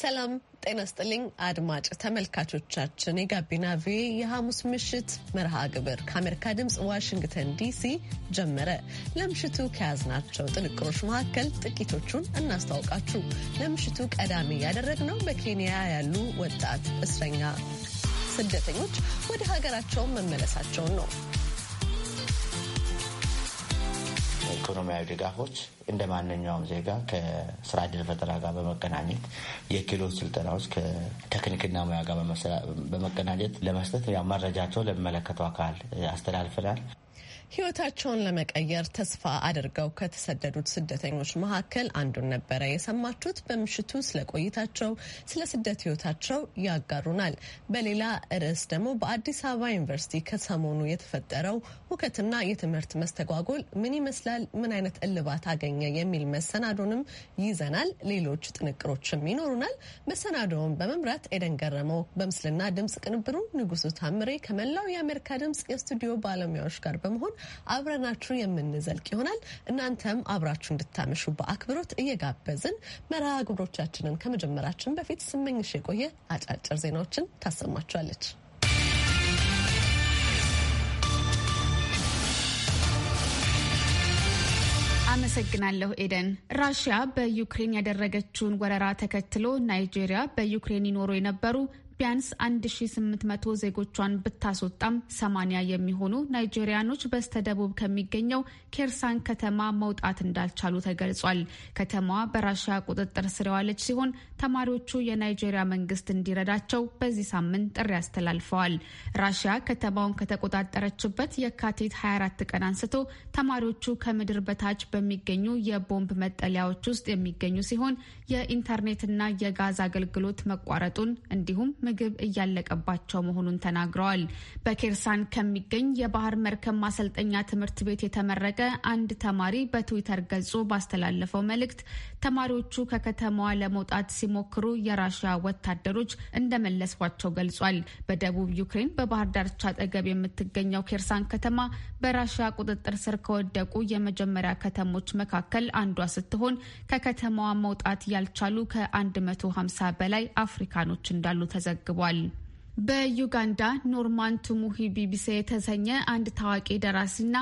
ሰላም ጤና ስጥልኝ አድማጭ ተመልካቾቻችን፣ የጋቢና ቪኦኤ የሐሙስ ምሽት መርሃ ግብር ከአሜሪካ ድምፅ ዋሽንግተን ዲሲ ጀመረ። ለምሽቱ ከያዝናቸው ጥንቅሮች መካከል ጥቂቶቹን እናስታውቃችሁ። ለምሽቱ ቀዳሚ ያደረግነው በኬንያ ያሉ ወጣት እስረኛ ስደተኞች ወደ ሀገራቸውን መመለሳቸውን ነው። ኢኮኖሚያዊ ድጋፎች እንደ ማንኛውም ዜጋ ከስራ እድል ፈጠራ ጋር በመቀናኘት የክህሎት ስልጠናዎች ከቴክኒክና ሙያ ጋር በመቀናኘት ለመስጠት ያው መረጃቸው ለሚመለከተው አካል አስተላልፈናል። ህይወታቸውን ለመቀየር ተስፋ አድርገው ከተሰደዱት ስደተኞች መካከል አንዱን ነበረ የሰማችሁት። በምሽቱ ስለ ቆይታቸው፣ ስለ ስደት ህይወታቸው ያጋሩናል። በሌላ ርዕስ ደግሞ በአዲስ አበባ ዩኒቨርሲቲ ከሰሞኑ የተፈጠረው ሁከትና የትምህርት መስተጓጎል ምን ይመስላል፣ ምን አይነት እልባት አገኘ የሚል መሰናዶንም ይዘናል። ሌሎች ጥንቅሮችም ይኖሩናል። መሰናዶውን በመምራት ኤደን ገረመው፣ በምስልና ድምጽ ቅንብሩ ንጉሱ ታምሬ ከመላው የአሜሪካ ድምጽ የስቱዲዮ ባለሙያዎች ጋር በመሆን አብረናችሁ የምንዘልቅ ይሆናል። እናንተም አብራችሁ እንድታመሹ በአክብሮት እየጋበዝን መርሃ ግብሮቻችንን ከመጀመራችን በፊት ስመኝሽ የቆየ አጫጭር ዜናዎችን ታሰማችኋለች። አመሰግናለሁ ኤደን። ራሽያ በዩክሬን ያደረገችውን ወረራ ተከትሎ ናይጄሪያ በዩክሬን ይኖሩ የነበሩ ቢያንስ 1800 ዜጎቿን ብታስወጣም 80 የሚሆኑ ናይጄሪያኖች በስተደቡብ ከሚገኘው ኬርሳን ከተማ መውጣት እንዳልቻሉ ተገልጿል። ከተማዋ በራሽያ ቁጥጥር ስር የዋለች ሲሆን ተማሪዎቹ የናይጄሪያ መንግስት እንዲረዳቸው በዚህ ሳምንት ጥሪ አስተላልፈዋል። ራሽያ ከተማውን ከተቆጣጠረችበት የካቲት 24 ቀን አንስቶ ተማሪዎቹ ከምድር በታች በሚገኙ የቦምብ መጠለያዎች ውስጥ የሚገኙ ሲሆን የኢንተርኔትና የጋዝ አገልግሎት መቋረጡን እንዲሁም ምግብ እያለቀባቸው መሆኑን ተናግረዋል። በኬርሳን ከሚገኝ የባህር መርከብ ማሰልጠኛ ትምህርት ቤት የተመረቀ አንድ ተማሪ በትዊተር ገጹ ባስተላለፈው መልእክት ተማሪዎቹ ከከተማዋ ለመውጣት ሲሞክሩ የራሽያ ወታደሮች እንደመለሷቸው ገልጿል። በደቡብ ዩክሬን በባህር ዳርቻ አጠገብ የምትገኘው ኬርሳን ከተማ በራሽያ ቁጥጥር ስር ከወደቁ የመጀመሪያ ከተሞች መካከል አንዷ ስትሆን ከከተማዋ መውጣት ያልቻሉ ከ150 በላይ አፍሪካኖች እንዳሉ ተዘግ ዘግቧል። በዩጋንዳ ኖርማን ቱሙሂ ቢቢሴ የተሰኘ አንድ ታዋቂ ደራሲና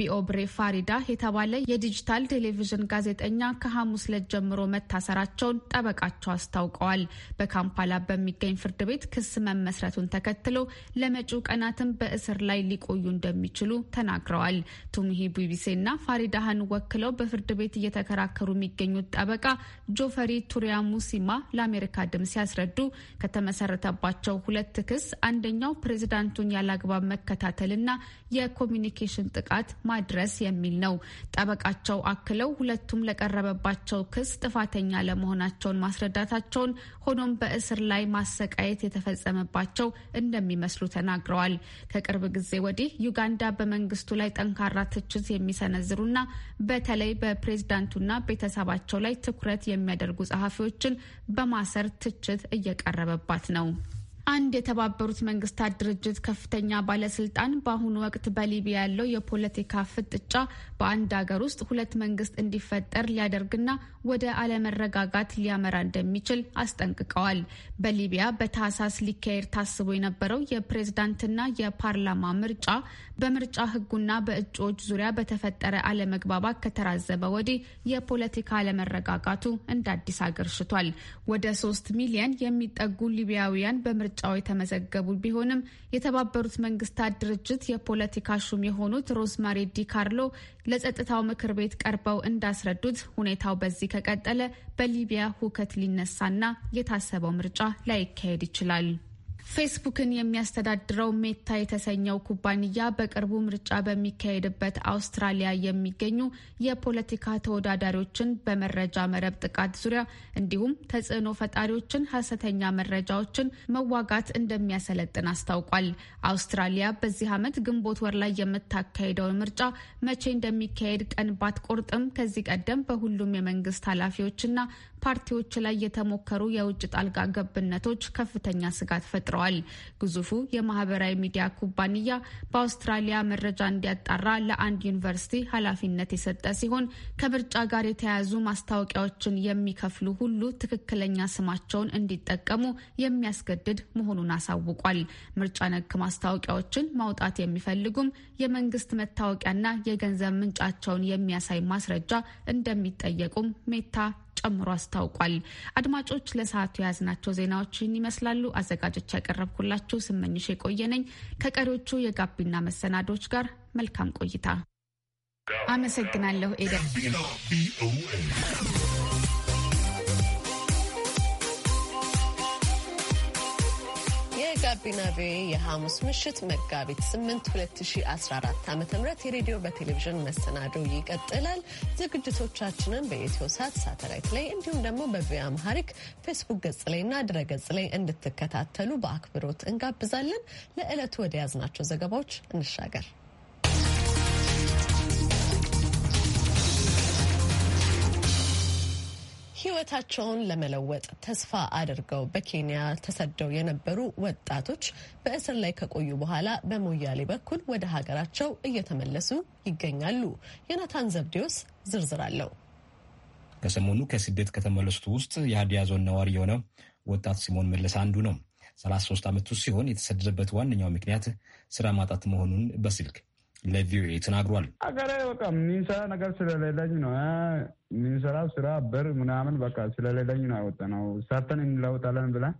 ቢኦብሬ ፋሪዳ የተባለ የዲጂታል ቴሌቪዥን ጋዜጠኛ ከሐሙስ ዕለት ጀምሮ መታሰራቸውን ጠበቃቸው አስታውቀዋል። በካምፓላ በሚገኝ ፍርድ ቤት ክስ መመስረቱን ተከትሎ ለመጪው ቀናትም በእስር ላይ ሊቆዩ እንደሚችሉ ተናግረዋል። ቱምሂ እና ፋሪዳህን ወክለው በፍርድ ቤት እየተከራከሩ የሚገኙት ጠበቃ ጆፈሪ ቱሪያ ሙሲማ ለአሜሪካ ድምፅ ሲያስረዱ ከተመሰረተባቸው ሁለት ክስ አንደኛው ፕሬዚዳንቱን ያላግባብ መከታተልና የኮሚኒኬሽን ጥቃት ማድረስ የሚል ነው። ጠበቃቸው አክለው ሁለቱም ለቀረበባቸው ክስ ጥፋተኛ ለመሆናቸውን ማስረዳታቸውን፣ ሆኖም በእስር ላይ ማሰቃየት የተፈጸመባቸው እንደሚመስሉ ተናግረዋል። ከቅርብ ጊዜ ወዲህ ዩጋንዳ በመንግስቱ ላይ ጠንካራ ትችት የሚሰነዝሩና በተለይ በፕሬዝዳንቱና ቤተሰባቸው ላይ ትኩረት የሚያደርጉ ጸሐፊዎችን በማሰር ትችት እየቀረበባት ነው። አንድ የተባበሩት መንግስታት ድርጅት ከፍተኛ ባለስልጣን በአሁኑ ወቅት በሊቢያ ያለው የፖለቲካ ፍጥጫ በአንድ ሀገር ውስጥ ሁለት መንግስት እንዲፈጠር ሊያደርግና ወደ አለመረጋጋት ሊያመራ እንደሚችል አስጠንቅቀዋል። በሊቢያ በታህሳስ ሊካሄድ ታስቦ የነበረው የፕሬዝዳንትና የፓርላማ ምርጫ በምርጫ ህጉና በእጩዎች ዙሪያ በተፈጠረ አለመግባባት ከተራዘመ ወዲህ የፖለቲካ አለመረጋጋቱ እንደ አዲስ አገርሽቷል። ወደ ሶስት ሚሊየን የሚጠጉ ሊቢያውያን በምርጫ ምርጫው የተመዘገቡ ቢሆንም የተባበሩት መንግስታት ድርጅት የፖለቲካ ሹም የሆኑት ሮዝማሪ ዲ ካርሎ ለጸጥታው ምክር ቤት ቀርበው እንዳስረዱት ሁኔታው በዚህ ከቀጠለ በሊቢያ ሁከት ሊነሳና የታሰበው ምርጫ ላይካሄድ ይችላል። ፌስቡክን የሚያስተዳድረው ሜታ የተሰኘው ኩባንያ በቅርቡ ምርጫ በሚካሄድበት አውስትራሊያ የሚገኙ የፖለቲካ ተወዳዳሪዎችን በመረጃ መረብ ጥቃት ዙሪያ እንዲሁም ተጽዕኖ ፈጣሪዎችን፣ ሀሰተኛ መረጃዎችን መዋጋት እንደሚያሰለጥን አስታውቋል። አውስትራሊያ በዚህ ዓመት ግንቦት ወር ላይ የምታካሄደው ምርጫ መቼ እንደሚካሄድ ቀን ባትቆርጥም ከዚህ ቀደም በሁሉም የመንግስት ኃላፊዎችና ፓርቲዎች ላይ የተሞከሩ የውጭ ጣልቃ ገብነቶች ከፍተኛ ስጋት ፈጥረዋል። ተናግረዋል። ግዙፉ የማህበራዊ ሚዲያ ኩባንያ በአውስትራሊያ መረጃ እንዲያጣራ ለአንድ ዩኒቨርሲቲ ኃላፊነት የሰጠ ሲሆን ከምርጫ ጋር የተያያዙ ማስታወቂያዎችን የሚከፍሉ ሁሉ ትክክለኛ ስማቸውን እንዲጠቀሙ የሚያስገድድ መሆኑን አሳውቋል። ምርጫ ነክ ማስታወቂያዎችን ማውጣት የሚፈልጉም የመንግስት መታወቂያና የገንዘብ ምንጫቸውን የሚያሳይ ማስረጃ እንደሚጠየቁም ሜታ ጨምሮ አስታውቋል። አድማጮች ለሰዓቱ የያዝናቸው ዜናዎችን ይመስላሉ። አዘጋጆች ያቀረብኩላችሁ ስመኝሽ የቆየ ነኝ። ከቀሪዎቹ የጋቢና መሰናዶች ጋር መልካም ቆይታ። አመሰግናለሁ ኤደ የጋቢና ቪኦኤ የሐሙስ ምሽት መጋቢት 8 2014 ዓ ም የሬዲዮ በቴሌቪዥን መሰናዶ ይቀጥላል። ዝግጅቶቻችንን በኢትዮ ሳት ሳተላይት ላይ እንዲሁም ደግሞ በቪ አምሃሪክ ፌስቡክ ገጽ ላይና ድረ ገጽ ላይ እንድትከታተሉ በአክብሮት እንጋብዛለን። ለዕለቱ ወደ ያዝናቸው ዘገባዎች እንሻገር። ህይወታቸውን ለመለወጥ ተስፋ አድርገው በኬንያ ተሰደው የነበሩ ወጣቶች በእስር ላይ ከቆዩ በኋላ በሞያሌ በኩል ወደ ሀገራቸው እየተመለሱ ይገኛሉ። ዮናታን ዘብዴዎስ ዝርዝር አለው። ከሰሞኑ ከስደት ከተመለሱት ውስጥ የሀዲያ ዞን ነዋሪ የሆነው ወጣት ሲሞን መለስ አንዱ ነው። 33 ዓመቱ ሲሆን የተሰደደበት ዋነኛው ምክንያት ስራ ማጣት መሆኑን በስልክ ለቪኦኤ ተናግሯል። አገሬ በቃ የሚንሰራ ነገር ስለሌለኝ ነው የሚንሰራው ስራ ብር ምናምን በቃ ስለሌለኝ ነው ያወጣነው። ሰርተን እንለውጣለን ብለን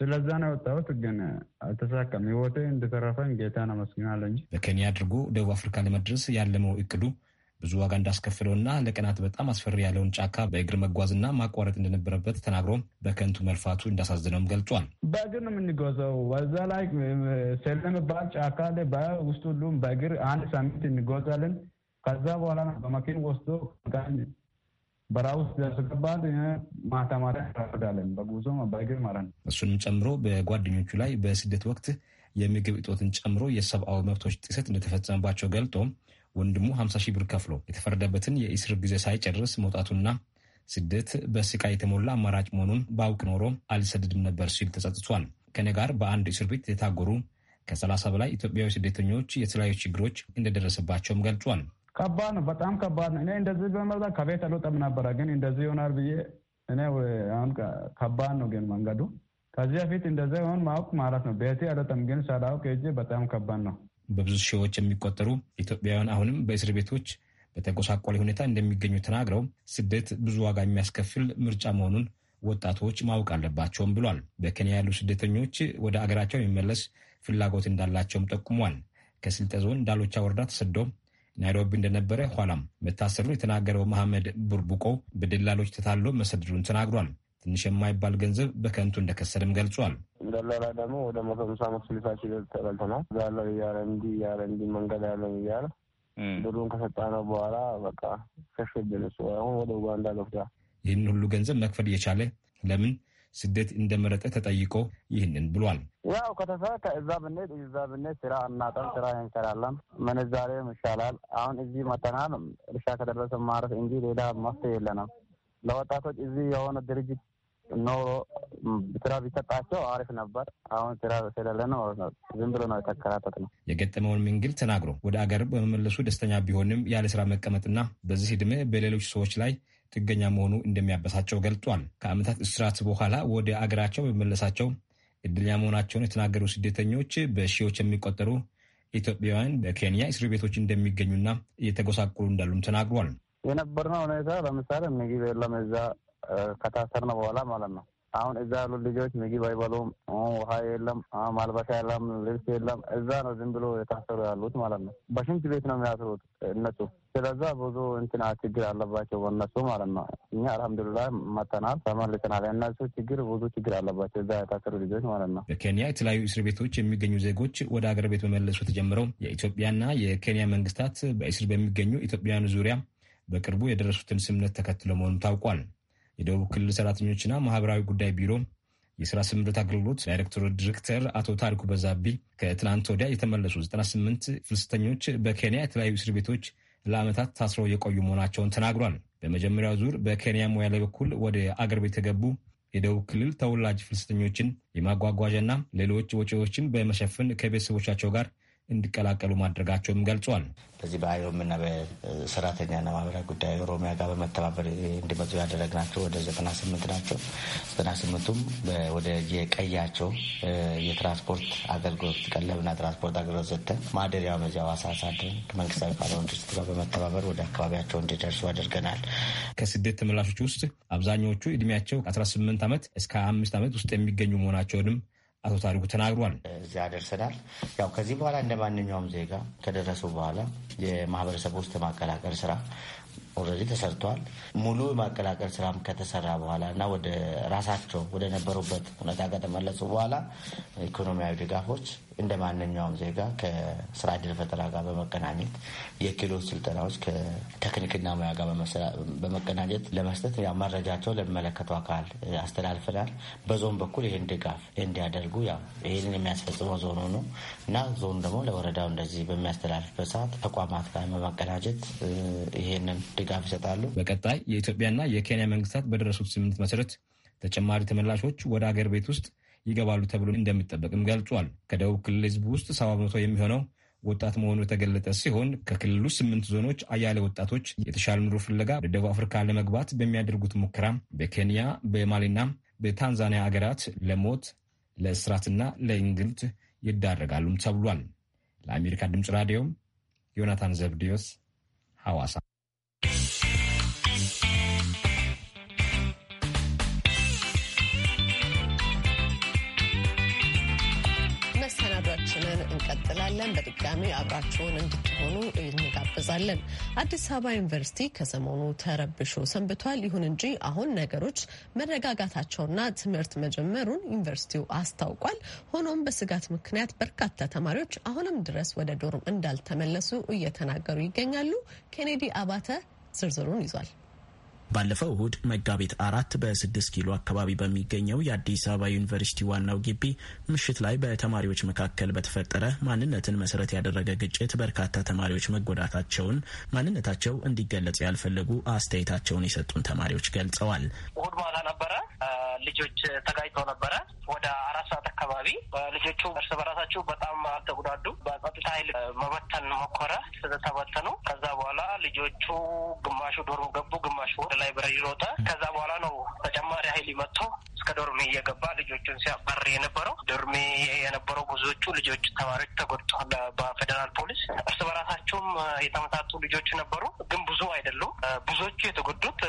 ስለዛ ነው የወጣሁት፣ ግን አልተሳካም። ህይወቴ እንደተረፈኝ ጌታን አመስግናለሁ እንጂ። በኬንያ አድርጎ ደቡብ አፍሪካ ለመድረስ ያለመው እቅዱ ብዙ ዋጋ እንዳስከፍለውና ለቀናት በጣም አስፈሪ ያለውን ጫካ በእግር መጓዝና ማቋረጥ እንደነበረበት ተናግሮ በከንቱ መልፋቱ እንዳሳዝነውም ገልጿል። በእግር ነው የምንጓዘው። በዛ ላይ ስለምባል ጫካ ላይ በውስጥ ሁሉም በእግር አንድ ሳምንት እንጓዛለን። ከዛ በኋላ በመኪና ወስዶ በራ ውስጥ ያስገባል። ማታ ማታ በጉዞ በእግር ማለት ነው። እሱንም ጨምሮ በጓደኞቹ ላይ በስደት ወቅት የምግብ እጦትን ጨምሮ የሰብአዊ መብቶች ጥሰት እንደተፈጸመባቸው ገልጦ ወንድሙ 50 ሺህ ብር ከፍሎ የተፈረደበትን የእስር ጊዜ ሳይጨርስ መውጣቱና ስደት በስቃይ የተሞላ አማራጭ መሆኑን በአውቅ ኖሮ አልሰደድም ነበር ሲል ተጸጽቷል። ከኔ ጋር በአንድ እስር ቤት የታጎሩ ከ30 በላይ ኢትዮጵያዊ ስደተኞች የተለያዩ ችግሮች እንደደረሰባቸውም ገልጿል። ከባድ ነው፣ በጣም ከባድ ነው። እኔ እንደዚህ በመብዛ ከቤት አልወጣም ነበረ፣ ግን እንደዚህ ይሆናል ብዬ እኔ አሁን ከባድ ነው፣ ግን መንገዱ ከዚህ በፊት እንደዚ ሆን ማወቅ ማለት ነው። ቤቴ አልወጣም፣ ግን ሳላውቅ እጅ በጣም ከባድ ነው። በብዙ ሺዎች የሚቆጠሩ ኢትዮጵያውያን አሁንም በእስር ቤቶች በተጎሳቋለ ሁኔታ እንደሚገኙ ተናግረው ስደት ብዙ ዋጋ የሚያስከፍል ምርጫ መሆኑን ወጣቶች ማወቅ አለባቸውም ብሏል። በኬንያ ያሉ ስደተኞች ወደ አገራቸው የሚመለስ ፍላጎት እንዳላቸውም ጠቁሟል። ከስልጤ ዞን ዳሎቻ ወረዳ ተሰዶ ናይሮቢ እንደነበረ ኋላም መታሰሩን የተናገረው መሐመድ ቡርቡቆ በደላሎች ተታሎ መሰደዱን ተናግሯል። ትንሽ የማይባል ገንዘብ በከንቱ እንደከሰልም ገልጿል። ደላላ ደግሞ ወደ መቶ ሃምሳ መስሊሳች ተበልተናል። እዛ ያለው እያለ እንዲህ እያለ እንዲህ መንገድ ያለን እያለ ብሩን ነው በኋላ በቃ ሸሽብን። እሱ አሁን ወደ ኡጋንዳ ገብቷል። ይህን ሁሉ ገንዘብ መክፈል እየቻለ ለምን ስደት እንደመረጠ ተጠይቆ ይህንን ብሏል። ያው ከተሰራ ከእዛ ብንሄድ እዛ ብንሄድ ስራ እናጠም ስራ እንሰራለን፣ ምንዛሬም ይሻላል። አሁን እዚህ መጠናል እርሻ ከደረሰ ማረፍ እንጂ ሌላ መፍትሄ የለንም። ለወጣቶች እዚህ የሆነ ድርጅት ኖሮ ስራ ቢሰጣቸው አሪፍ ነበር። አሁን ስራ ስለሌለ ነው ዝም ብሎ ነው የተከራተት ነው። የገጠመውን ምንግል ተናግሮ ወደ አገር በመመለሱ ደስተኛ ቢሆንም ያለ ስራ መቀመጥና በዚህ ዕድሜ በሌሎች ሰዎች ላይ ጥገኛ መሆኑ እንደሚያበሳቸው ገልጧል። ከአመታት እስራት በኋላ ወደ አገራቸው በመመለሳቸው እድለኛ መሆናቸውን የተናገሩ ስደተኞች በሺዎች የሚቆጠሩ ኢትዮጵያውያን በኬንያ እስር ቤቶች እንደሚገኙና እየተጎሳቁሉ እንዳሉም ተናግሯል። የነበርነው ሁኔታ ለምሳሌ ምግብ የለም እዛ ከታሰርነ በኋላ ማለት ነው። አሁን እዛ ያሉ ልጆች ምግብ አይበሉም፣ ውሃ የለም፣ ማልበሻ የለም፣ ልብስ የለም። እዛ ነው ዝም ብሎ የታሰሩ ያሉት ማለት ነው። በሽንት ቤት ነው የሚያስሩት እነሱ። ስለዛ ብዙ እንትና ችግር አለባቸው በእነሱ ማለት ነው። እኛ አልሐምዱሊላ መተናል ተመልሰናል። እነሱ ችግር ብዙ ችግር አለባቸው እዛ የታሰሩ ልጆች ማለት ነው። በኬንያ የተለያዩ እስር ቤቶች የሚገኙ ዜጎች ወደ ሀገር ቤት መመለሱ ተጀምረው የኢትዮጵያና የኬንያ መንግስታት በእስር በሚገኙ ኢትዮጵያውያኑ ዙሪያ በቅርቡ የደረሱትን ስምነት ተከትሎ መሆኑ ታውቋል። የደቡብ ክልል ሰራተኞችና ማህበራዊ ጉዳይ ቢሮ የስራ ስምሪት አገልግሎት ዳይሬክቶር ዲሬክተር አቶ ታሪኩ በዛቢ ከትናንት ወዲያ የተመለሱ 98 ፍልሰተኞች በኬንያ የተለያዩ እስር ቤቶች ለዓመታት ታስረው የቆዩ መሆናቸውን ተናግሯል። በመጀመሪያው ዙር በኬንያ ሞያሌ በኩል ወደ አገር ቤት የገቡ የደቡብ ክልል ተወላጅ ፍልሰተኞችን የማጓጓዣና ሌሎች ወጪዎችን በመሸፈን ከቤተሰቦቻቸው ጋር እንዲቀላቀሉ ማድረጋቸውም ገልጿል። በዚህ በአይሆምና በሰራተኛና ማህበራዊ ጉዳይ ኦሮሚያ ጋር በመተባበር እንዲመጡ ያደረግናቸው ወደ ዘጠና ስምንት ናቸው። ዘጠና ስምንቱም ወደ የቀያቸው የትራንስፖርት አገልግሎት ቀለብና ትራንስፖርት አገልግሎት ሰጥተን ማደሪያ መዚያ ሐዋሳ አሳድረን መንግስታዊ ካልሆኑ ድርጅት ጋር በመተባበር ወደ አካባቢያቸው እንዲደርሱ አድርገናል። ከስደት ተመላሾች ውስጥ አብዛኛዎቹ እድሜያቸው ከ18 ዓመት እስከ አምስት ዓመት ውስጥ የሚገኙ መሆናቸውንም አቶ ታሪኩ ተናግሯል። እዚያ ደርሰናል። ያው ከዚህ በኋላ እንደ ማንኛውም ዜጋ ከደረሱ በኋላ የማህበረሰብ ውስጥ የማቀላቀል ስራ ኦልሬዲ ተሰርተዋል። ሙሉ የማቀላቀል ስራም ከተሰራ በኋላ እና ወደ ራሳቸው ወደ ነበሩበት ሁኔታ ከተመለሱ በኋላ ኢኮኖሚያዊ ድጋፎች እንደ ማንኛውም ዜጋ ከስራ እድል ፈጠራ ጋር በመቀናኘት የክህሎት ስልጠናዎች ከቴክኒክና ሙያ ጋር በመቀናኘት ለመስጠት ያው መረጃቸው ለሚመለከቱ አካል አስተላልፈናል። በዞን በኩል ይህን ድጋፍ እንዲያደርጉ ያው ይህንን የሚያስፈጽመው ዞኑ ነው እና ዞኑ ደግሞ ለወረዳው እንደዚህ በሚያስተላልፍበት ሰዓት ተቋማት ጋር በመቀናጀት ይህንን ድጋፍ ይሰጣሉ። በቀጣይ የኢትዮጵያና የኬንያ መንግስታት በደረሱት ስምምነት መሰረት ተጨማሪ ተመላሾች ወደ አገር ቤት ውስጥ ይገባሉ ተብሎ እንደሚጠበቅም ገልጿል። ከደቡብ ክልል ህዝብ ውስጥ ሰባ በመቶ የሚሆነው ወጣት መሆኑ የተገለጠ ሲሆን ከክልሉ ስምንት ዞኖች አያሌ ወጣቶች የተሻለ ኑሮ ፍለጋ ወደ ደቡብ አፍሪካ ለመግባት በሚያደርጉት ሙከራ በኬንያ በማሊና በታንዛኒያ ሀገራት ለሞት ለእስራትና ለእንግልት ይዳረጋሉም ተብሏል። ለአሜሪካ ድምፅ ራዲዮ ዮናታን ዘብዲዮስ ሐዋሳ መሰናዷችንን እንቀጥላለን። በድጋሚ አብራችሁን እንድትሆኑ እንጋብዛለን። አዲስ አበባ ዩኒቨርሲቲ ከሰሞኑ ተረብሾ ሰንብቷል። ይሁን እንጂ አሁን ነገሮች መረጋጋታቸውና ትምህርት መጀመሩን ዩኒቨርሲቲው አስታውቋል። ሆኖም በስጋት ምክንያት በርካታ ተማሪዎች አሁንም ድረስ ወደ ዶርም እንዳልተመለሱ እየተናገሩ ይገኛሉ። ኬኔዲ አባተ ዝርዝሩን ይዟል። ባለፈው እሁድ መጋቢት አራት በስድስት ኪሎ አካባቢ በሚገኘው የአዲስ አበባ ዩኒቨርሲቲ ዋናው ግቢ ምሽት ላይ በተማሪዎች መካከል በተፈጠረ ማንነትን መሰረት ያደረገ ግጭት በርካታ ተማሪዎች መጎዳታቸውን ማንነታቸው እንዲገለጽ ያልፈለጉ አስተያየታቸውን የሰጡን ተማሪዎች ገልጸዋል። እሁድ ማታ ነበረ ልጆች ተጋጭተው ነበረ ወደ አራት ሰዓት አካባቢ ልጆቹ እርስ በራሳቸው በጣም አልተጉዳዱ። በጸጥታ ኃይል መበተን ሞከረ፣ ስለተበተኑ፣ ከዛ በኋላ ልጆቹ ግማሹ ዶርም ገቡ፣ ግማሹ ወደ ላይብረሪ ሮጠ። ከዛ በኋላ ነው ተጨማሪ ኃይል መጥቶ እስከ ዶርሜ እየገባ ልጆቹን ሲያባር የነበረው። ዶርሜ የነበረው ብዙዎቹ ልጆች ተማሪዎች ተጎድተዋል በፌዴራል ፖሊስ። እርስ በራሳቸውም የተመታቱ ልጆች ነበሩ፣ ግን ብዙ አይደሉም። ብዙዎቹ የተጎዱት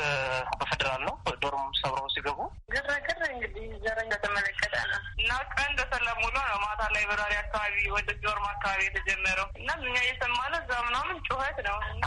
በፌዴራል ነው። ዶርም ሰብረው ሲገቡ ግርግር እንግዲህ ዘረኛ ተመለከተ ነው እና ቀንድ ሰላም ነው ማታ ላይ በራሪ አካባቢ ወደ ጆርማ አካባቢ የተጀመረው እና እኛ እየሰማነ እዛ ምናምን ጩኸት ነው እና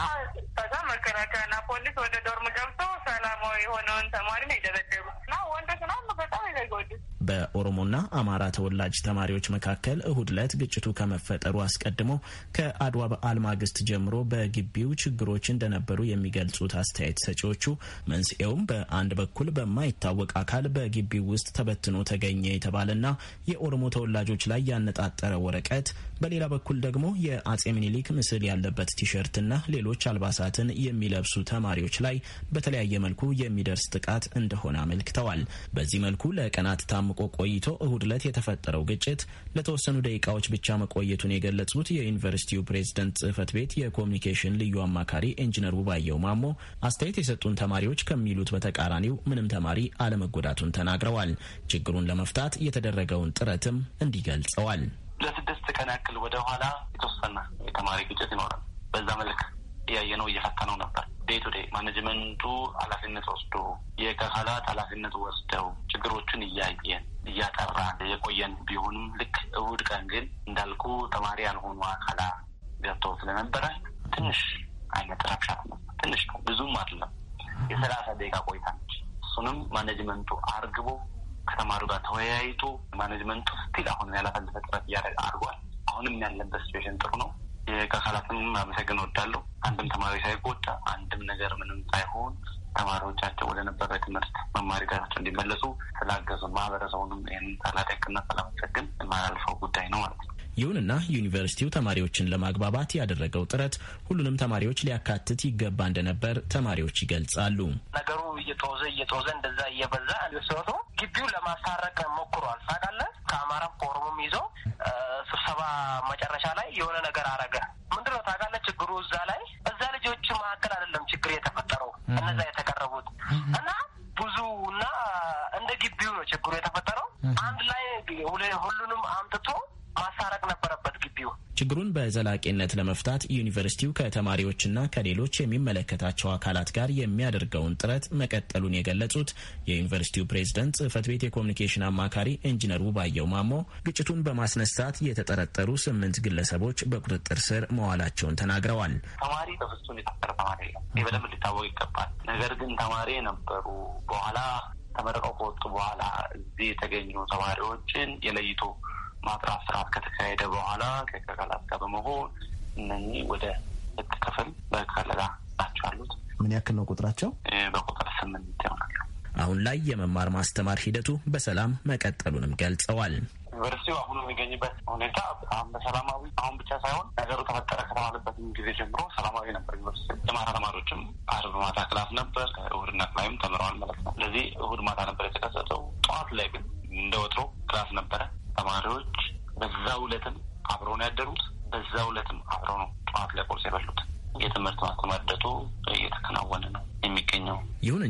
ከዛ መከላከያና ፖሊስ ወደ ዶርም ገብቶ ሰላማዊ የሆነውን ተማሪ ነው የደበደቡ እና ወንዶች ነው በጣም የተጎዱት። በኦሮሞና አማራ ተወላጅ ተማሪዎች መካከል እሁድ ዕለት ግጭቱ ከመፈጠሩ አስቀድሞ ከአድዋ በዓል ማግስት ጀምሮ በግቢው ችግሮች እንደነበሩ የሚገልጹት አስተያየት ሰጪዎቹ መንስኤውም በአንድ በኩል በማይታወቅ አካል በግቢው ውስጥ ተበትኖ ተገኘ የተባለና የኦ ኦሮሞ ተወላጆች ላይ ያነጣጠረ ወረቀት፣ በሌላ በኩል ደግሞ የአጼ ምኒልክ ምስል ያለበት ቲሸርትና ሌሎች አልባሳትን የሚለብሱ ተማሪዎች ላይ በተለያየ መልኩ የሚደርስ ጥቃት እንደሆነ አመልክተዋል። በዚህ መልኩ ለቀናት ታምቆ ቆይቶ እሁድ ዕለት የተፈጠረው ግጭት ለተወሰኑ ደቂቃዎች ብቻ መቆየቱን የገለጹት የዩኒቨርሲቲው ፕሬዝደንት ጽህፈት ቤት የኮሚኒኬሽን ልዩ አማካሪ ኢንጂነር ውባየው ማሞ አስተያየት የሰጡን ተማሪዎች ከሚሉት በተቃራኒው ምንም ተማሪ አለመጎዳቱን ተናግረዋል። ችግሩን ለመፍታት የተደረገውን ጥረት ምክንያትም እንዲገልጸዋል። ለስድስት ቀን ያክል ወደኋላ የተወሰነ የተማሪ ግጭት ይኖራል። በዛ መልክ እያየነው እየፈተነው ነበር። ዴይ ቱ ዴይ ማኔጅመንቱ ኃላፊነት ወስዶ የካህላት ኃላፊነት ወስደው ችግሮችን እያየን እያጠራ የቆየን ቢሆንም ልክ እሁድ ቀን ግን እንዳልኩ ተማሪ ያልሆኑ አካላ ገብተው ስለነበረ ትንሽ አይነት ረብሻት ነው። ትንሽ ነው ብዙም አይደለም። የሰላሳ ደቂቃ ቆይታ ነች። እሱንም ማኔጅመንቱ አርግቦ ከተማሪው ጋር ተወያይቶ ማኔጅመንቱ ስቲል አሁን ያላፈለፈ ጥረት እያደረገ አድርጓል። አሁንም ያለበት ሲቹዌሽን ጥሩ ነው። የህግ አመሰግን ወዳለሁ። አንድም ተማሪ ሳይጎዳ አንድም ነገር ምንም ሳይሆን ተማሪዎቻቸው ወደ ነበረ ትምህርት መማሪ ጋራቸው እንዲመለሱ ስላገዙ ማህበረሰቡንም ይህንን ሳላደንቅና ሳላመሰግን የማላልፈው ጉዳይ ነው ማለት ነው። ይሁንና ዩኒቨርሲቲው ተማሪዎችን ለማግባባት ያደረገው ጥረት ሁሉንም ተማሪዎች ሊያካትት ይገባ እንደነበር ተማሪዎች ይገልጻሉ። ነገሩ እየተወዘ እየተወዘ እንደዛ እየበዛ ሰቶ ግቢው ለማስታረቅ ሞክሯል። ታውቃለህ፣ ከአማራም ፎርሙም ይዞ ስብሰባ መጨረሻ ላይ የሆነ ነገር አረገ። ምንድነው ታውቃለህ፣ ችግሩ እዛ ላይ እዛ ልጆች መካከል አይደለም ችግር የተፈጠረው እነዛ የተቀረቡት በዘላቂነት ለመፍታት ዩኒቨርሲቲው ከተማሪዎችና ከሌሎች የሚመለከታቸው አካላት ጋር የሚያደርገውን ጥረት መቀጠሉን የገለጹት የዩኒቨርሲቲው ፕሬዝደንት ጽህፈት ቤት የኮሚኒኬሽን አማካሪ ኢንጂነር ውባየው ማሞ ግጭቱን በማስነሳት የተጠረጠሩ ስምንት ግለሰቦች በቁጥጥር ስር መዋላቸውን ተናግረዋል። ተማሪ በፍጹም የታሰረ ተማሪ የለም። በደንብ ሊታወቅ ይገባል። ነገር ግን ተማሪ የነበሩ በኋላ ተመርቀው ከወጡ በኋላ እዚህ የተገኙ ተማሪዎችን የለይቶ ማጥራት ስርዓት ከተካሄደ በኋላ ከአካላት ጋር በመሆን እነኚህ ወደ ህግ ክፍል በከለላ ናቸው አሉት። ምን ያክል ነው ቁጥራቸው? በቁጥር ስምንት ይሆናል። አሁን ላይ የመማር ማስተማር ሂደቱ በሰላም መቀጠሉንም ገልጸዋል። ዩኒቨርሲቲው አሁን የሚገኝበት ሁኔታ በጣም በሰላማዊ አሁን ብቻ ሳይሆን ነገሩ ተፈጠረ ከተባለበትም ጊዜ ጀምሮ ሰላማዊ ነበር። ዩኒቨርሲቲ የማታ ተማሪዎችም አርብ ማታ ክላስ ነበር፣ እሁድና ላይም ተምረዋል ማለት ነው። ስለዚህ እሁድ ማታ ነበር የተከሰተው። ጠዋት ላይ ግን እንደ ወትሮ ክላስ ነበረ። በዛው ዕለትም አብረው ነው ያደሩት። በዛው ዕለትም አብረው ነው ጠዋት ለቁርስ የበሉት። የትምህርት ማስተማር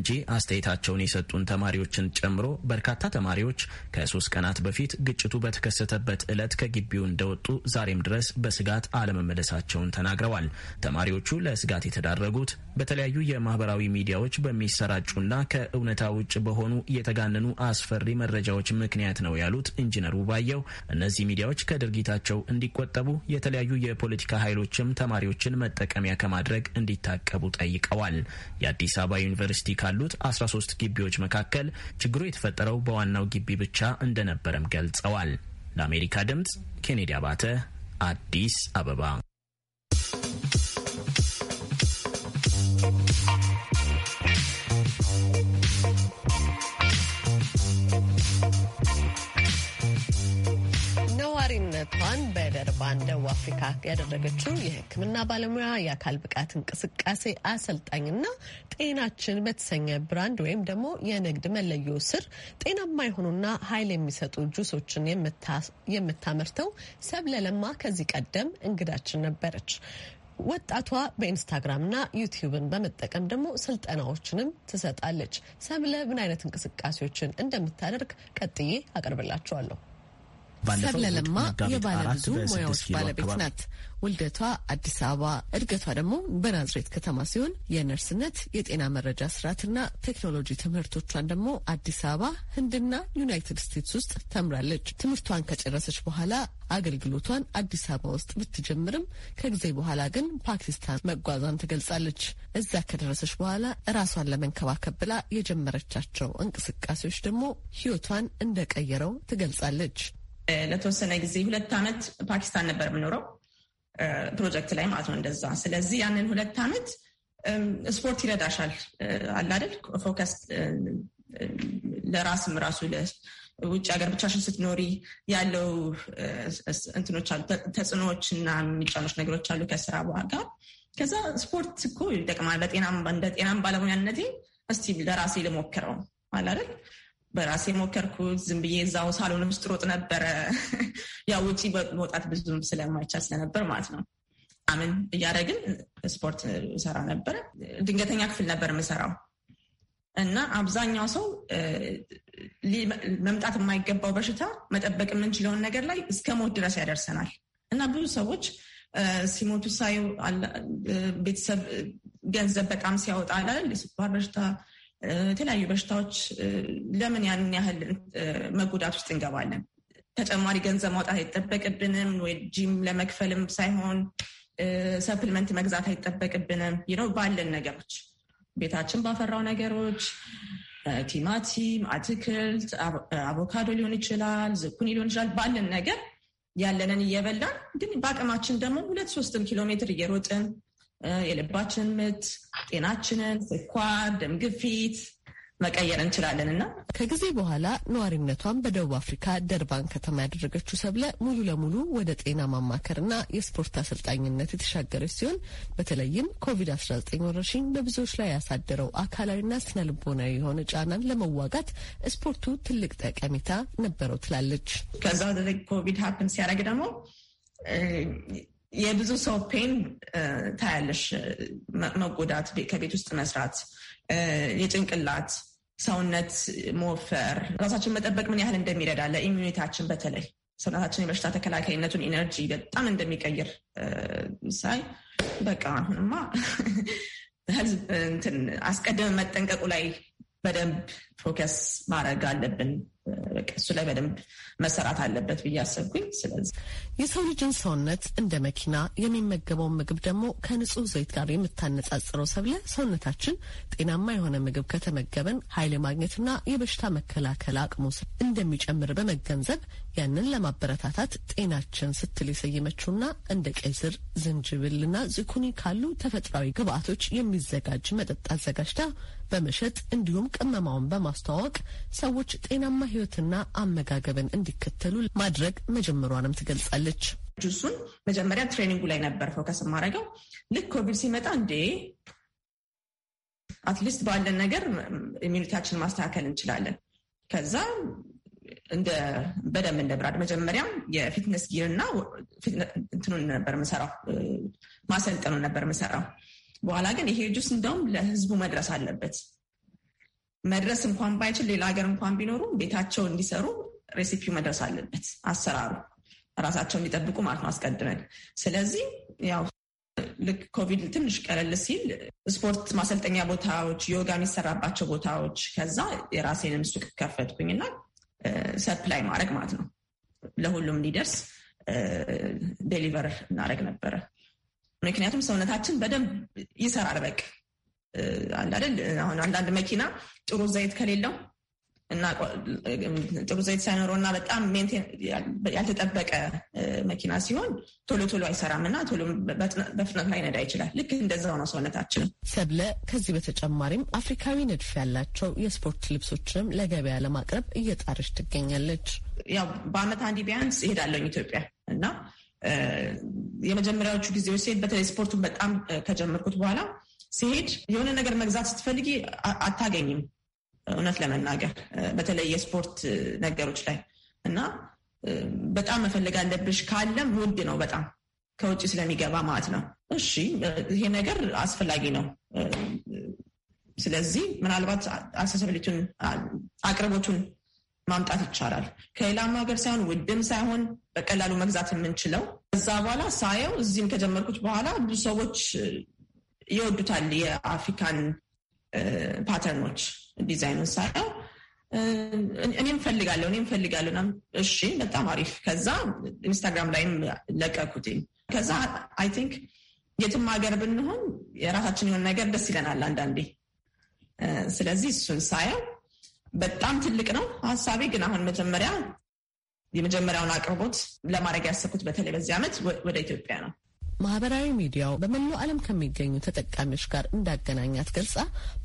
እንጂ አስተያየታቸውን የሰጡን ተማሪዎችን ጨምሮ በርካታ ተማሪዎች ከሶስት ቀናት በፊት ግጭቱ በተከሰተበት ዕለት ከግቢው እንደወጡ ዛሬም ድረስ በስጋት አለመመለሳቸውን ተናግረዋል። ተማሪዎቹ ለስጋት የተዳረጉት በተለያዩ የማህበራዊ ሚዲያዎች በሚሰራጩና ከእውነታ ውጭ በሆኑ የተጋነኑ አስፈሪ መረጃዎች ምክንያት ነው ያሉት ኢንጂነሩ ባየው እነዚህ ሚዲያዎች ከድርጊታቸው እንዲቆጠቡ የተለያዩ የፖለቲካ ኃይሎችም ተማሪዎችን መጠቀሚያ ከማድረግ እንዲታቀቡ ጠይቀዋል። የአዲስ አበባ ዩኒቨርሲቲ ካሉ ካሉት 13 ግቢዎች መካከል ችግሩ የተፈጠረው በዋናው ግቢ ብቻ እንደነበረም ገልጸዋል። ለአሜሪካ ድምፅ ኬኔዲ አባተ አዲስ አበባ። ሊደር ደቡብ አፍሪካ ያደረገችው የሕክምና ባለሙያ የአካል ብቃት እንቅስቃሴ አሰልጣኝና ጤናችን በተሰኘ ብራንድ ወይም ደግሞ የንግድ መለዮ ስር ጤናማ የሆኑና ኃይል የሚሰጡ ጁሶችን የምታመርተው ሰብለለማ ከዚህ ቀደም እንግዳችን ነበረች። ወጣቷ በኢንስታግራምና ዩቲዩብን በመጠቀም ደግሞ ስልጠናዎችንም ትሰጣለች። ሰብለ ምን አይነት እንቅስቃሴዎችን እንደምታደርግ ቀጥዬ አቀርብላችኋለሁ። ሰብለለማ የባለብዙ ሙያዎች ባለቤት ናት። ውልደቷ አዲስ አበባ፣ እድገቷ ደግሞ በናዝሬት ከተማ ሲሆን የነርስነት የጤና መረጃ ስርዓትና ቴክኖሎጂ ትምህርቶቿን ደግሞ አዲስ አበባ፣ ህንድና ዩናይትድ ስቴትስ ውስጥ ተምራለች። ትምህርቷን ከጨረሰች በኋላ አገልግሎቷን አዲስ አበባ ውስጥ ብትጀምርም ከጊዜ በኋላ ግን ፓኪስታን መጓዟን ትገልጻለች። እዛ ከደረሰች በኋላ ራሷን ለመንከባከብ ብላ የጀመረቻቸው እንቅስቃሴዎች ደግሞ ህይወቷን እንደቀየረው ትገልጻለች። ለተወሰነ ጊዜ ሁለት ዓመት ፓኪስታን ነበር የምኖረው ፕሮጀክት ላይ ማለት ነው እንደዛ። ስለዚህ ያንን ሁለት ዓመት ስፖርት ይረዳሻል አላደል ፎከስ ለራስም ራሱ ውጭ ሀገር ብቻሽን ስትኖሪ ያለው እንትኖች አሉ፣ ተጽዕኖዎች እና የሚጫኖች ነገሮች አሉ ከስራ ጋር። ከዛ ስፖርት እኮ ይጠቅማል። በጤናም እንደ ጤናም ባለሙያነቴ እስቲ ለራሴ ልሞክረው አላደል በራሴ ሞከርኩት። ዝም ብዬ እዛው ሳሎን ውስጥ ሮጥ ነበረ። ያው ውጪ መውጣት ብዙም ስለማይቻል ስለነበር ማለት ነው። አምን እያደረግን ስፖርት ሰራ ነበረ። ድንገተኛ ክፍል ነበር የምሰራው እና አብዛኛው ሰው መምጣት የማይገባው በሽታ መጠበቅ የምንችለውን ነገር ላይ እስከ ሞት ድረስ ያደርሰናል እና ብዙ ሰዎች ሲሞቱ ሳዩ ቤተሰብ ገንዘብ በጣም ሲያወጣ የስኳር በሽታ የተለያዩ በሽታዎች ለምን ያንን ያህል መጎዳት ውስጥ እንገባለን? ተጨማሪ ገንዘብ ማውጣት አይጠበቅብንም ወይ ጂም ለመክፈልም ሳይሆን ሰፕልመንት መግዛት አይጠበቅብንም። ይነው ባለን ነገሮች ቤታችን ባፈራው ነገሮች ቲማቲም፣ አትክልት፣ አቮካዶ ሊሆን ይችላል፣ ዝኩኒ ሊሆን ይችላል። ባለን ነገር ያለንን እየበላን ግን በአቅማችን ደግሞ ሁለት ሶስትም ኪሎ ሜትር እየሮጥን የልባችንን ምት፣ ጤናችንን፣ ስኳር፣ ደም ግፊት መቀየር እንችላለን እና ከጊዜ በኋላ ነዋሪነቷን በደቡብ አፍሪካ ደርባን ከተማ ያደረገችው ሰብለ ሙሉ ለሙሉ ወደ ጤና ማማከርና የስፖርት አሰልጣኝነት የተሻገረች ሲሆን በተለይም ኮቪድ-19 ወረርሽኝ በብዙዎች ላይ ያሳደረው አካላዊና ስነ ልቦናዊ የሆነ ጫናን ለመዋጋት ስፖርቱ ትልቅ ጠቀሜታ ነበረው ትላለች። ከዛ ኮቪድ ሀፕን ሲያደርግ ደግሞ የብዙ ሰው ፔን ታያለሽ። መጎዳት ከቤት ውስጥ መስራት፣ የጭንቅላት ሰውነት መወፈር፣ ራሳችን መጠበቅ ምን ያህል እንደሚረዳ ለኢሚኒታችን በተለይ ሰውነታችን የበሽታ ተከላካይነቱን ኢነርጂ በጣም እንደሚቀይር ሳይ በቃ አሁንማ አስቀድመን መጠንቀቁ ላይ በደንብ ፎከስ ማድረግ አለብን እሱ ላይ በደንብ መሰራት አለበት ብዬ አሰብኩኝ። ስለዚህ የሰው ልጅን ሰውነት እንደ መኪና የሚመገበውን ምግብ ደግሞ ከንጹህ ዘይት ጋር የምታነጻጽረው ሰብለ፣ ሰውነታችን ጤናማ የሆነ ምግብ ከተመገበን ኃይል ማግኘትና የበሽታ መከላከል አቅሙ እንደሚጨምር በመገንዘብ ያንን ለማበረታታት ጤናችን ስትል የሰየመችውና እንደ ቀይ ስር፣ ዝንጅብልና ዚኩኒ ካሉ ተፈጥሯዊ ግብአቶች የሚዘጋጅ መጠጥ አዘጋጅታ በመሸጥ እንዲሁም ቅመማውን በማስተዋወቅ ሰዎች ጤናማ ህይወትና አመጋገብን እንዲከተሉ ማድረግ መጀመሯንም ትገልጻለች። ጁሱን መጀመሪያ ትሬኒንጉ ላይ ነበር ፎከስ ማድረገው። ልክ ኮቪድ ሲመጣ እንዴ አትሊስት ባለን ነገር ኢሚኒቲያችን ማስተካከል እንችላለን። ከዛ በደንብ እንደ ብራድ መጀመሪያም የፊትነስ ጊርና እንትኑን ነበር ምሰራው ማሰልጠኑን ነበር ምሰራው በኋላ ግን ይሄ ጁስ እንደውም ለህዝቡ መድረስ አለበት። መድረስ እንኳን ባይችል ሌላ ሀገር እንኳን ቢኖሩ ቤታቸው እንዲሰሩ ሬሲፒው መድረስ አለበት። አሰራሩ ራሳቸው እንዲጠብቁ ማለት ነው አስቀድመን። ስለዚህ ያው ልክ ኮቪድ ትንሽ ቀለል ሲል ስፖርት ማሰልጠኛ ቦታዎች፣ ዮጋ የሚሰራባቸው ቦታዎች፣ ከዛ የራሴንም ሱቅ ከፈትኩኝና ሰፕላይ ማድረግ ማለት ነው ለሁሉም እንዲደርስ ዴሊቨር እናደረግ ነበረ። ምክንያቱም ሰውነታችን በደንብ ይሰራል። በቃ አንዳንድ አሁን አንዳንድ መኪና ጥሩ ዘይት ከሌለው እና ጥሩ ዘይት ሳይኖረው እና በጣም ያልተጠበቀ መኪና ሲሆን ቶሎ ቶሎ አይሰራም እና ቶሎ በፍጥነት ላይነዳ ይችላል። ልክ እንደዛው ነው ሰውነታችን። ሰብለ ከዚህ በተጨማሪም አፍሪካዊ ንድፍ ያላቸው የስፖርት ልብሶችንም ለገበያ ለማቅረብ እየጣረች ትገኛለች። ያው በአመት አንዴ ቢያንስ እሄዳለሁኝ ኢትዮጵያ እና የመጀመሪያዎቹ ጊዜዎች ሲሄድ በተለይ ስፖርቱን በጣም ከጀመርኩት በኋላ ሲሄድ የሆነ ነገር መግዛት ስትፈልጊ አታገኝም፣ እውነት ለመናገር በተለይ የስፖርት ነገሮች ላይ እና በጣም መፈለግ አለብሽ። ካለም ውድ ነው በጣም ከውጭ ስለሚገባ ማለት ነው። እሺ ይሄ ነገር አስፈላጊ ነው። ስለዚህ ምናልባት አሰሰብሊቱን አቅርቦቱን ማምጣት ይቻላል። ከሌላም ሀገር ሳይሆን ውድም ሳይሆን በቀላሉ መግዛት የምንችለው። ከዛ በኋላ ሳየው እዚህም ከጀመርኩት በኋላ ብዙ ሰዎች ይወዱታል። የአፍሪካን ፓተርኖች ዲዛይኑን ሳየው እኔም ፈልጋለሁ እኔም ፈልጋለሁ ና እሺ፣ በጣም አሪፍ። ከዛ ኢንስታግራም ላይም ለቀኩትኝ። ከዛ አይ ቲንክ የትም ሀገር ብንሆን የራሳችን የሆነ ነገር ደስ ይለናል አንዳንዴ። ስለዚህ እሱን ሳየው በጣም ትልቅ ነው ሀሳቤ። ግን አሁን መጀመሪያ የመጀመሪያውን አቅርቦት ለማድረግ ያሰብኩት በተለይ በዚህ ዓመት ወደ ኢትዮጵያ ነው። ማህበራዊ ሚዲያው በመላው ዓለም ከሚገኙ ተጠቃሚዎች ጋር እንዳገናኛት ገልጻ፣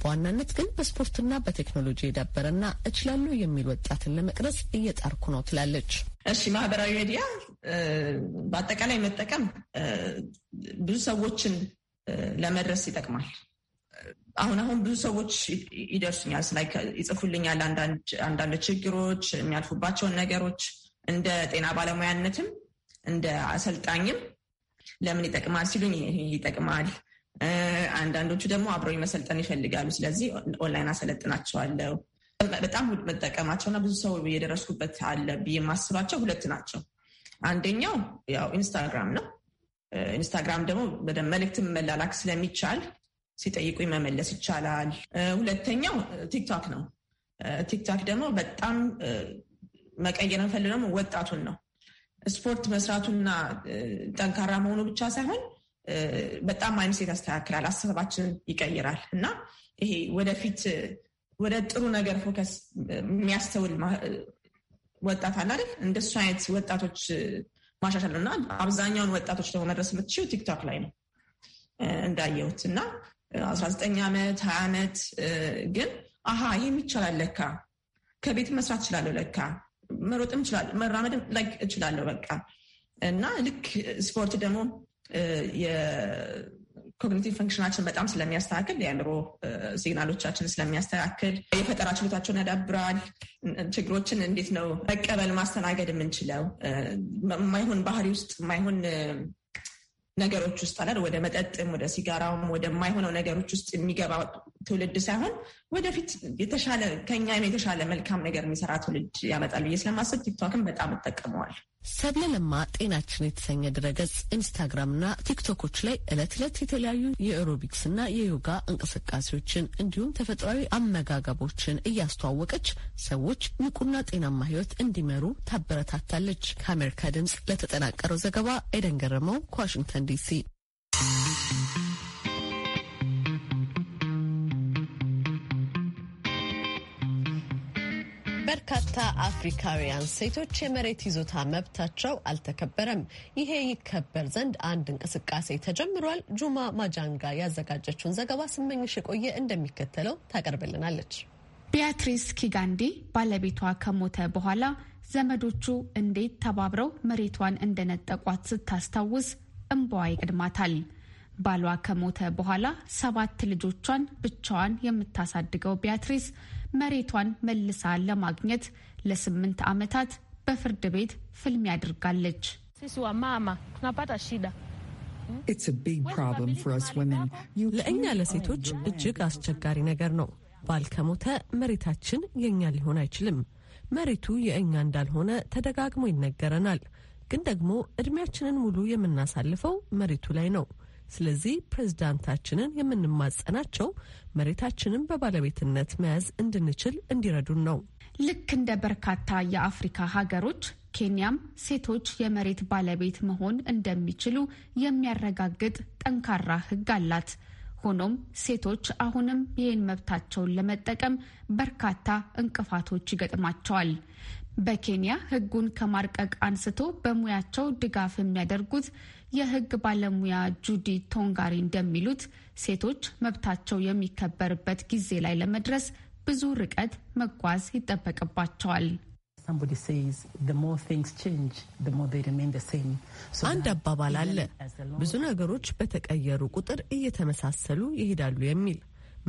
በዋናነት ግን በስፖርትና በቴክኖሎጂ የዳበረና እችላሉ የሚል ወጣትን ለመቅረጽ እየጣርኩ ነው ትላለች። እሺ፣ ማህበራዊ ሚዲያ በአጠቃላይ መጠቀም ብዙ ሰዎችን ለመድረስ ይጠቅማል። አሁን አሁን ብዙ ሰዎች ይደርሱኛል፣ ስላይ ይጽፉልኛል። አንዳንድ ችግሮች የሚያልፉባቸውን ነገሮች እንደ ጤና ባለሙያነትም እንደ አሰልጣኝም ለምን ይጠቅማል ሲሉኝ ይጠቅማል። አንዳንዶቹ ደግሞ አብረው መሰልጠን ይፈልጋሉ። ስለዚህ ኦንላይን አሰለጥናቸዋለው በጣም መጠቀማቸውና ብዙ ሰው የደረስኩበት አለ የማስባቸው ሁለት ናቸው። አንደኛው ያው ኢንስታግራም ነው። ኢንስታግራም ደግሞ በደንብ መልእክትም መላላክ ስለሚቻል ሲጠይቁ መመለስ ይቻላል። ሁለተኛው ቲክቶክ ነው። ቲክቶክ ደግሞ በጣም መቀየር እንፈልገው ወጣቱን ነው። ስፖርት መስራቱና ጠንካራ መሆኑ ብቻ ሳይሆን በጣም ማይንሴት ያስተካክላል፣ አስተሳሰባችንን ይቀይራል እና ይሄ ወደፊት ወደ ጥሩ ነገር ፎከስ የሚያስተውል ወጣት አለ አይደል? እንደሱ አይነት ወጣቶች ማሻሻል እና አብዛኛውን ወጣቶች ደግሞ መድረስ የምትችው ቲክቶክ ላይ ነው እንዳየሁት እና አስራ ዘጠኝ ዓመት ሀያ ዓመት ግን አሀ ይህም ይቻላል ለካ ከቤት መስራት እችላለሁ ለካ መሮጥም እችላለሁ መራመድም ላይ እችላለሁ በቃ እና ልክ ስፖርት ደግሞ የኮግኒቲቭ ፈንክሽናችን በጣም ስለሚያስተካክል የአእምሮ ሲግናሎቻችን ስለሚያስተካክል የፈጠራ ችሎታቸውን ያዳብራል። ችግሮችን እንዴት ነው መቀበል ማስተናገድ የምንችለው ማይሆን ባህሪ ውስጥ ማይሆን። ነገሮች ውስጥ አላል ወደ መጠጥም ወደ ሲጋራውም ወደማይሆነው ነገሮች ውስጥ የሚገባ ትውልድ ሳይሆን ወደፊት የተሻለ ከኛም የተሻለ መልካም ነገር የሚሰራ ትውልድ ያመጣል ብዬ ስለማሰብ ቲክቶክን በጣም እጠቀመዋል። ሰብለ ለማ ጤናችን የተሰኘ ድረገጽ ኢንስታግራምና ቲክቶኮች ላይ እለት እለት የተለያዩ የኤሮቢክስና የዮጋ እንቅስቃሴዎችን እንዲሁም ተፈጥሯዊ አመጋገቦችን እያስተዋወቀች ሰዎች ንቁና ጤናማ ህይወት እንዲመሩ ታበረታታለች። ከአሜሪካ ድምጽ ለተጠናቀረው ዘገባ ኤደን ገረመው ከዋሽንግተን ዲሲ በርካታ አፍሪካውያን ሴቶች የመሬት ይዞታ መብታቸው አልተከበረም። ይሄ ይከበር ዘንድ አንድ እንቅስቃሴ ተጀምሯል። ጁማ ማጃንጋ ያዘጋጀችውን ዘገባ ስመኝሽ የቆየ እንደሚከተለው ታቀርብልናለች። ቢያትሪስ ኪጋንዲ ባለቤቷ ከሞተ በኋላ ዘመዶቹ እንዴት ተባብረው መሬቷን እንደነጠቋት ስታስታውስ እንባዋ ይቅድማታል ባሏ ከሞተ በኋላ ሰባት ልጆቿን ብቻዋን የምታሳድገው ቢያትሪስ መሬቷን መልሳ ለማግኘት ለስምንት ዓመታት በፍርድ ቤት ፍልሚያ አድርጋለች። ለእኛ ለሴቶች እጅግ አስቸጋሪ ነገር ነው። ባል ከሞተ መሬታችን የእኛ ሊሆን አይችልም። መሬቱ የእኛ እንዳልሆነ ተደጋግሞ ይነገረናል። ግን ደግሞ እድሜያችንን ሙሉ የምናሳልፈው መሬቱ ላይ ነው። ስለዚህ ፕሬዝዳንታችንን የምንማጸናቸው መሬታችንን በባለቤትነት መያዝ እንድንችል እንዲረዱን ነው። ልክ እንደ በርካታ የአፍሪካ ሀገሮች ኬንያም ሴቶች የመሬት ባለቤት መሆን እንደሚችሉ የሚያረጋግጥ ጠንካራ ሕግ አላት። ሆኖም ሴቶች አሁንም ይህን መብታቸውን ለመጠቀም በርካታ እንቅፋቶች ይገጥማቸዋል። በኬንያ ህጉን ከማርቀቅ አንስቶ በሙያቸው ድጋፍ የሚያደርጉት የህግ ባለሙያ ጁዲ ቶንጋሪ እንደሚሉት ሴቶች መብታቸው የሚከበርበት ጊዜ ላይ ለመድረስ ብዙ ርቀት መጓዝ ይጠበቅባቸዋል። አንድ አባባል አለ፣ ብዙ ነገሮች በተቀየሩ ቁጥር እየተመሳሰሉ ይሄዳሉ የሚል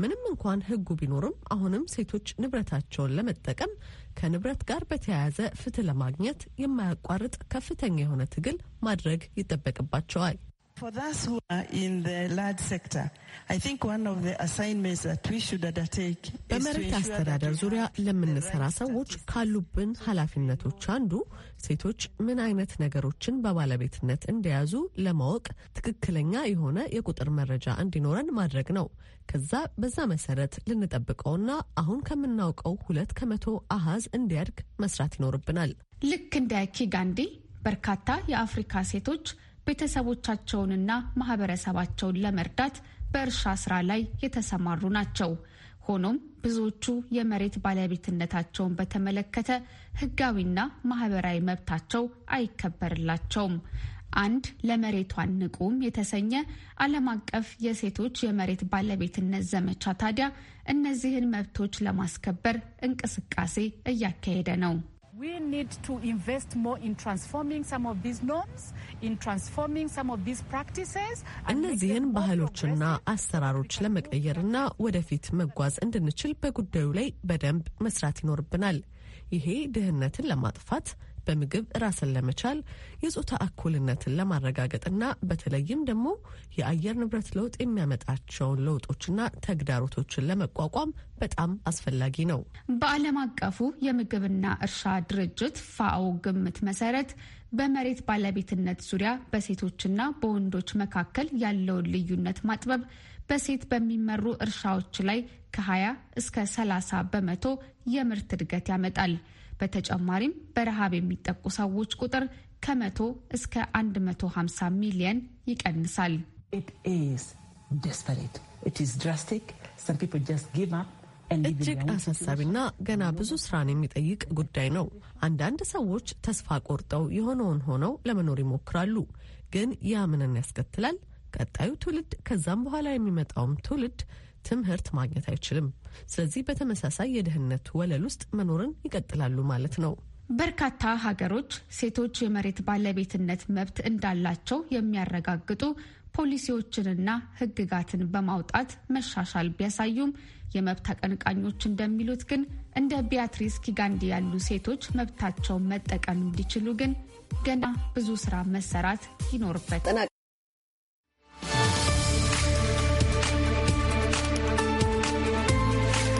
ምንም እንኳን ሕጉ ቢኖርም አሁንም ሴቶች ንብረታቸውን ለመጠቀም ከንብረት ጋር በተያያዘ ፍትህ ለማግኘት የማያቋርጥ ከፍተኛ የሆነ ትግል ማድረግ ይጠበቅባቸዋል። For those who are in the large sector, I think one of the assignments that we should undertake በመሬት አስተዳደር ዙሪያ ለምንሰራ ሰዎች ካሉብን ኃላፊነቶች አንዱ ሴቶች ምን አይነት ነገሮችን በባለቤትነት እንደያዙ ለማወቅ ትክክለኛ የሆነ የቁጥር መረጃ እንዲኖረን ማድረግ ነው። ከዛ በዛ መሰረት ልንጠብቀውና አሁን ከምናውቀው ሁለት ከመቶ አሃዝ እንዲያድግ መስራት ይኖርብናል። ልክ እንደ ኪጋንዲ በርካታ የአፍሪካ ሴቶች ቤተሰቦቻቸውንና ማህበረሰባቸውን ለመርዳት በእርሻ ስራ ላይ የተሰማሩ ናቸው። ሆኖም ብዙዎቹ የመሬት ባለቤትነታቸውን በተመለከተ ህጋዊና ማህበራዊ መብታቸው አይከበርላቸውም። አንድ ለመሬቷን ንቁም የተሰኘ ዓለም አቀፍ የሴቶች የመሬት ባለቤትነት ዘመቻ ታዲያ እነዚህን መብቶች ለማስከበር እንቅስቃሴ እያካሄደ ነው። We need to invest more in transforming some of these norms, in transforming some of these practices. እነዚህን ባህሎችና አሰራሮች ለመቀየርና ወደፊት መጓዝ እንድንችል በጉዳዩ ላይ በደንብ መስራት ይኖርብናል። ይሄ ድህነትን ለማጥፋት በምግብ ራስን ለመቻል የጾታ እኩልነትን ለማረጋገጥና በተለይም ደግሞ የአየር ንብረት ለውጥ የሚያመጣቸውን ለውጦችና ተግዳሮቶችን ለመቋቋም በጣም አስፈላጊ ነው። በዓለም አቀፉ የምግብና እርሻ ድርጅት ፋኦ ግምት መሰረት በመሬት ባለቤትነት ዙሪያ በሴቶችና በወንዶች መካከል ያለውን ልዩነት ማጥበብ በሴት በሚመሩ እርሻዎች ላይ ከ20 እስከ 30 በመቶ የምርት እድገት ያመጣል። በተጨማሪም በረሃብ የሚጠቁ ሰዎች ቁጥር ከመቶ እስከ 150 ሚሊየን ይቀንሳል። እጅግ አሳሳቢና ገና ብዙ ስራን የሚጠይቅ ጉዳይ ነው። አንዳንድ ሰዎች ተስፋ ቆርጠው የሆነውን ሆነው ለመኖር ይሞክራሉ። ግን ያ ምንን ያስከትላል? ቀጣዩ ትውልድ ከዛም በኋላ የሚመጣውም ትውልድ ትምህርት ማግኘት አይችልም። ስለዚህ በተመሳሳይ የድህነት ወለል ውስጥ መኖርን ይቀጥላሉ ማለት ነው። በርካታ ሀገሮች ሴቶች የመሬት ባለቤትነት መብት እንዳላቸው የሚያረጋግጡ ፖሊሲዎችንና ሕግጋትን በማውጣት መሻሻል ቢያሳዩም የመብት አቀንቃኞች እንደሚሉት ግን እንደ ቢያትሪስ ኪጋንዲ ያሉ ሴቶች መብታቸውን መጠቀም እንዲችሉ ግን ገና ብዙ ስራ መሰራት ይኖርበት